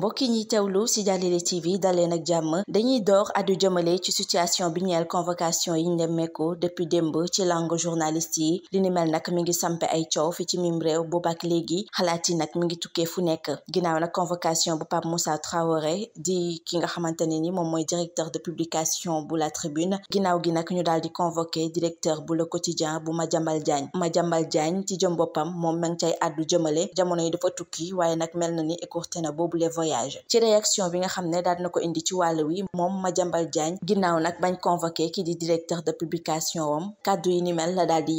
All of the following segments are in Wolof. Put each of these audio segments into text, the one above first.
mbokki ñi teewlu si Jàllale TV dalee ak jàmm dañuy door addu jëmale ci situation bi ñeel convocation yi nemmeeku depuis démb ci langue journaliste yi li ni mel nag mi ngi sampe ay coow fi ci mim réew boobaak léegi xalaat yi nag mi ngi tukkee fu nekk ginnaaw nag convocation bu Pape Moussa Traoré di ki nga xamante ne ni moom mooy directeur de publication bu La Tribune ginnaaw gi nag ñu daal di convoqué directeur bu Le Quotidien bu Madiambal Diagne Madiambal Diagne ci jëm boppam moom ma ngi cay addu jëmale jamono yi dafa tukki waaye nag mel na ni écourté na boobu les voyage ci réaction bi nga xam ne daal na ko indi ci wàll wi moom Madiambal Diagne ginnaaw nag bañ convoqué ki di directeur de publication wam kàddu yi ni mel la daal di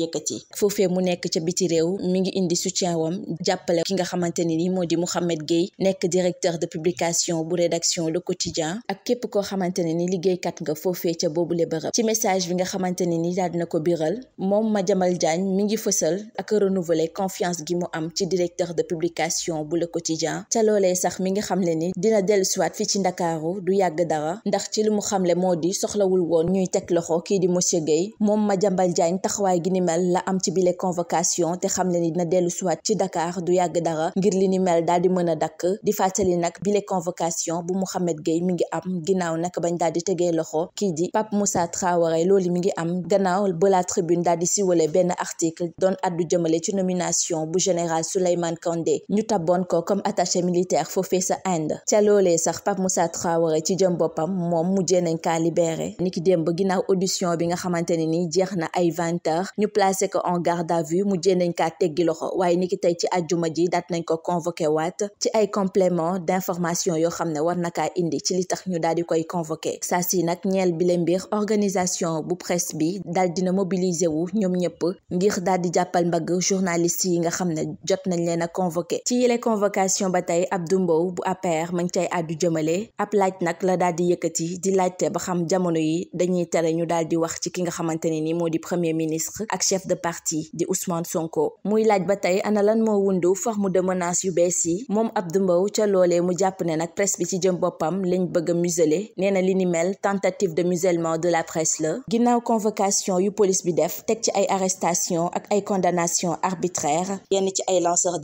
mu nekk ca biti mi ngi indi soutien wam jàppale ki nga xamante ne ni moo di Mouhamed Gueye nekk directeur de publication bu rédaction Le Quotidien ak képp koo xamante ne ni liggéeykat nga foofee ca boobule bërëb ci message bi nga xamante ne ni daal dina ko biral moom Madiambal Diagne mi ngi fësal ak renouveler confiance gi mu am ci directeur de publication bu Le Quotidien ca loolee sax mi nga xam xamle ni dina dellusiwaat fii ci ndakaaru du yàgg dara ndax ci li mu xamle moo di soxlawul woon ñuy teg loxo kii di monsieur Guèye moom Madiambal Diagne taxawaay gi ni mel la am ci bile convocation te xamle ni dina dellusiwaat ci Dakar du yàgg dara ngir li ni mel daal di mën a dakk di fàttali nag bile convocation bu Mouhamed Guèye mu ngi am ginnaaw nag bañ daal di tegee loxo kii di Pape Moussa Traoré loolu mi ngi am gannaaw ba la tribune dal di siwale benn article doon addu jëmale ci nomination bu général Souleymane Kandé ñu Inde ca loolee sax Pape Moussa Traoré ci jëm boppam moom mujjee nañ kaa libéré niki démb ginnaaw audition bi nga xamante ne nii jeex na ay vingt heures ñu placé ko en garde à vue mujjee nañ kaa teggi loxo waaye niki tey ci àjjuma ji daat nañ ko convoqué waat ci ay complément d'information yoo xam ne war na kaa indi ci li tax ñu daal di koy convoqué saa si nag ñeel bi mbir organisation bu presse bi daal dina mobiliser wu ñoom ñëpp ngir daal di jàppal mbagg journaliste yi nga xam ne jot nañ a APR ma ngi cay àddu jëmale ab laaj nag la daal di yëkkati di laajte ba xam jamono yi dañuy tere ñu daal di wax ci ki nga xamante ne ni moo di premier ministre ak chef de parti di Ousmane Sonko muy laaj ba tey ana lan moo wundu forme de menace yu bees yi moom Abdou Mbow ca loolee mu jàpp ne nag presse bi ci jëm boppam lañ bëgg a museler nee na li ni mel tentative de musellement de la presse la ginnaaw convocation yu police bi def teg ci ay arrestation ak ay condamnation arbitraire yenn ci ay lanceur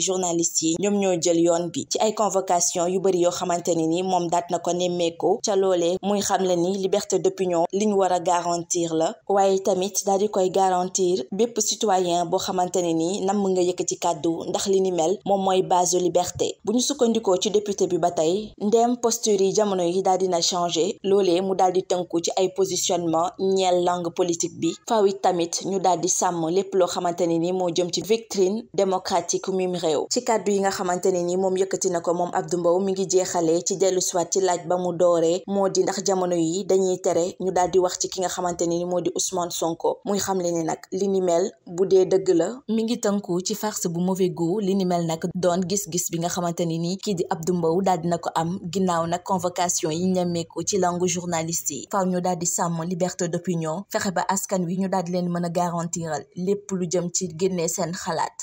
ni journaliste yi ñoom ñoo jël yoon bi ci ay convocation yu bëri yoo xamante ni moom daat na ko nemmeeku ca loolee muy xamle ni liberté d'opinion li ñu war a garantir la waaye tamit daal di koy garantir bépp citoyen boo xamante ne ni nam nga yëkkati kàddu ndax li ni mel moom mooy base de liberté bu ñu sukkandikoo ci député bi ba tey ndem posture yi jamono yi daal dina changé loolee mu daal di tënku ci ay positionnement ñeel langue politique bi faaw it tamit ñu xew ci kàddu yi nga xamante ne ni moom yëkkati na ko moom Abdou Mbow mi ngi jeexalee ci dellu siwaat ci laaj ba mu dooree moo di ndax jamono yi dañuy tere ñu daal di wax ci ki nga xamante ne ni moo di Ousmane Sonko muy xamle ne nag li ni mel bu dee dëgg la mi ngi tënku ci farce bu mauvais goût li ni mel nag doon gis-gis bi nga xamante ne ni kii di Abdou Mbow daal dina ko am ginnaaw nag convocation yi ñemeeku ci langu journaliste yi faaw ñu daal di sàmm liberté d'opinion fexe ba askan wi ñu daal leen mën a garantiral lépp lu jëm ci génnee seen xalaat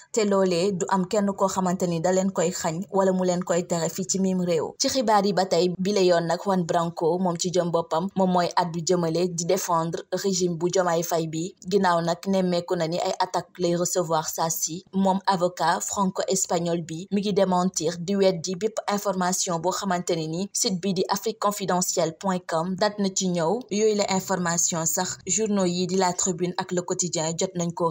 koo xamante ni da leen koy xañ wala mu leen koy tere fii ci mim réew ci xibaar yi ba tey bi la yoon nag Juan Branco moom ci jëm boppam moom mooy addu jëmale di défendre régime bu Diomaye fay bi ginnaaw nag nemmeeku na ni ay attaque lay recevoir saa si moom avocat franco espagnol bi mi ngi démentir di wet weddi bépp information boo xamante ne ni site bi di afrique confidentielle point com dat na ci ñëw yooyu la information sax journaux yi di la tribune ak le quotidien jot nañ ko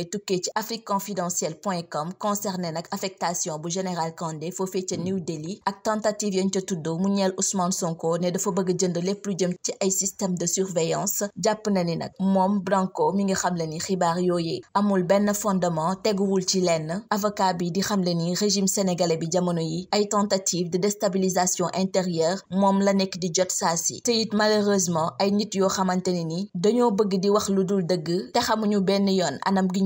yooyee tukkee ci afrique confidentielle point com concerné nag affectation bu général Kandé foofee ca mm. New Delhi ak tentative yañ ca tuddoo mu ñeel Ousmane Sonko ne dafa bëgg jënd lépp lu jëm ci ay système de surveillance jàpp na ni nag moom Branco mi nga xam le ni xibaar yooyee amul benn fondement teguwul ci lenn avocat bi di xam le ni régime sénégalais bi jamono yi ay tentative de déstabilisation intérieure moom la nekk di jot saa si te it malheureusement ay nit yoo xamante ne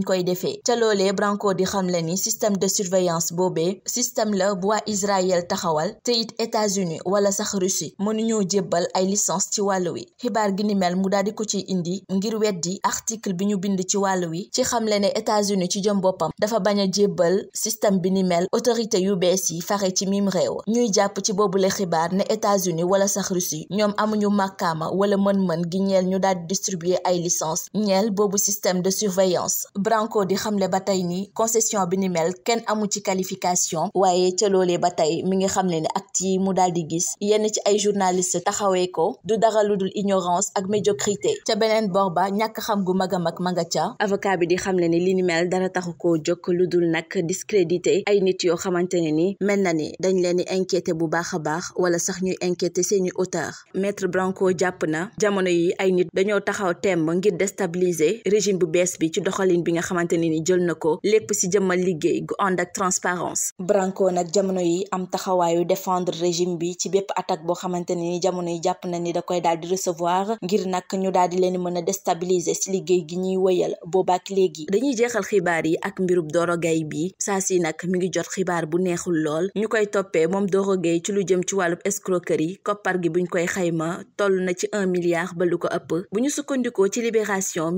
koy defee ca loolee Branco di xam xamle ni système de surveillance boobee système la bu waa Israël taxawal te it états wala sax Russie mënuñoo jébbal ay licence ci wàll wi xibaar gi ni mu daal di ko ci indi ngir weddi article bi ñu bind ci wàll wi ci xamle ne États-Unis ci jëm boppam dafa bañ a jébbal système bi ni mel autorité yu bees yi fare ci mim réew ñuy jàpp ci boobu boobule xibaar ne États-Unis wala sax Russie ñoom amuñu màkkaama wala mën-mën gi ñeel ñu daal di distribuer ay licence ñeel boobu système de surveillance Branco di xamle ba tey ni concession bi ni mel kenn amu ci qualification waaye ca loolee ba tey mi ngi xamle ne ak yi mu daal di gis yenn ci ay journaliste taxawee ko du dara lu dul ignorance ak médiocrité ca beneen bor ba ñàkk xam gu mag a mag maga nga ca avocat bi di xamle ni li ni mel dara taxu koo jokk lu dul nag discrédité ay nit yoo xamante ne ni mel na ni dañ leen di inquiété bu baax a baax wala sax ñuy inquiété seeni auteur maître Branco jàpp na jamono yi ay nit dañoo taxaw temb ngir déstabiliser xamante ne ni jël na ko lépp si jëmmal liggéey gu ànd ak transparence Branco nag jamono yi am taxawaayu défendre régime bi ci bépp attaque boo xamante ne ni jamono yi jàpp na ni da koy daal di recevoir ngir nag ñu daal di leen mën a déstabiliser si liggéey gi ñuy wëyal boobaak léegi dañuy jeexal xibaar yi ak mbirub Doro Gaye bi saa si nag mi ngi jot xibaar bu neexul lool ñu koy toppee moom Doro Gaye ci lu jëm ci wàllub escroquerie koppar gi buñ koy xayma toll na ci un milliard ba bu ñu sukkandikoo ci libération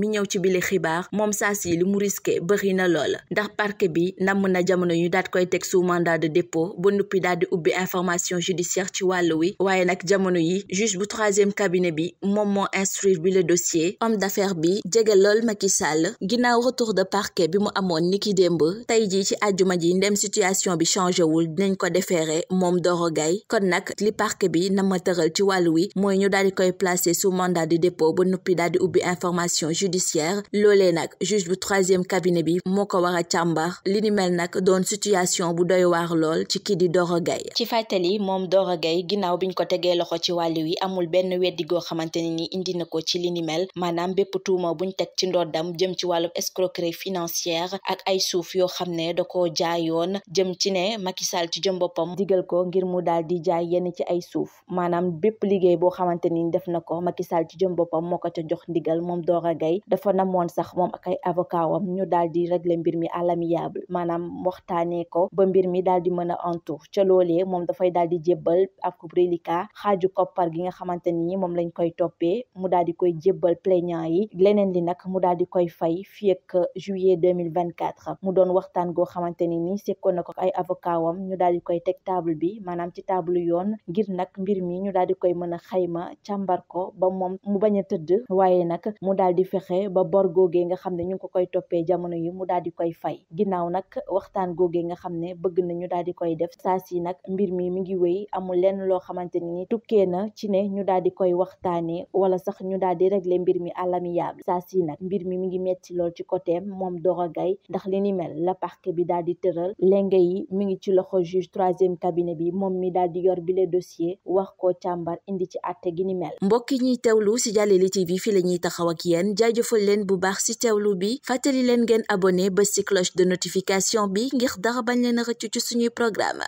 mu risqué bëri na loola ndax parquet bi namm na jamono ñu daat koy teg sous mandat de dépôt ba nuppi daal di ubbi information judiciaire ci wàll wi waaye nag jamono yi juge bu troisième cabinet bi moom moo instruire bi le dossier homme d'affaires bi jege lool Macky Sall ginnaaw retour de parquet bi mu amoon niki démb tey jii ci àjjuma ji ndem situation bi changé wul dinañ ko defeere moom Doro Gaye kon nag li parquet bi na ma tëral ci wàll wi mooy ñu daal di koy placer sous mandat de dépôt ba nuppi daal di ubbi information judiciaire loolee nag juge bu troisième cabinet bi moo ko war a càmbar li nag doon situation bu doy waar lool ci kii di Doro Gaye ci fàttali moom Doro Gaye ginnaaw biñ ko tegee loxo ci wàll wi amul benn weddi goo xamante ne ni indi na ko ci li maanaam bépp tuuma buñ teg ci dam jëm ci wàllu escroquerie financière ak ay suuf yoo xam ne da koo jaayoon jëm ci ne Macky Sall ci jëm boppam digal ko ngir mu daal di jaay yenn ci ay suuf maanaam bépp liggéey boo xamante ni def na ko Macky Sall ci jëm boppam moo ko ca jox ndigal moom Doro Gaye gannaawam ñu daal di régler mbir mi à l'amiable maanaam waxtaanee ko ba mbir mi daal di mën a antu ca loolee moom dafay daal di jébbal ak reliquat xaaju koppar gi nga xamante ni moom lañ koy toppee mu daal di koy jébbal plaignant yi leneen li nag mu daal di koy fay fii ak juillet deux mille vingt quatre mu doon waxtaan goo xamante ni ni sekkoon na ko ay avocat wam ñu daal di koy teg table bi maanaam ci table yoon ngir nag mbir mi ñu daal di koy mën a xayma càmbar ko ba moom mu bañ toppee jamono yi mu daal di koy fay ginnaaw nag waxtaan googee nga xam ne bëgg nañu daal di koy def saa si nag mbir mi mu ngi wéy amul lenn loo xamante ni tukkee na ci ne ñu daal di koy waxtaanee wala sax ñu daal di régler mbir mi à l'amiable saa si nag mbir mi mi ngi metti lool ci côté moom Doro Gaye ndax li ni mel la parquet bi daal di tëral lenge yi mu ngi ci loxo juge troisième cabinet bi moom mi daal di yor bile dossier wax ko càmbar indi ci àtte gi ni mel mbokk ñiy teewlu si Jàllale TV la ñuy taxaw fàttali leen ngeen abonné ba ci cloche de notification bi ngir dara bañ leen a rëccu ci suñuy programme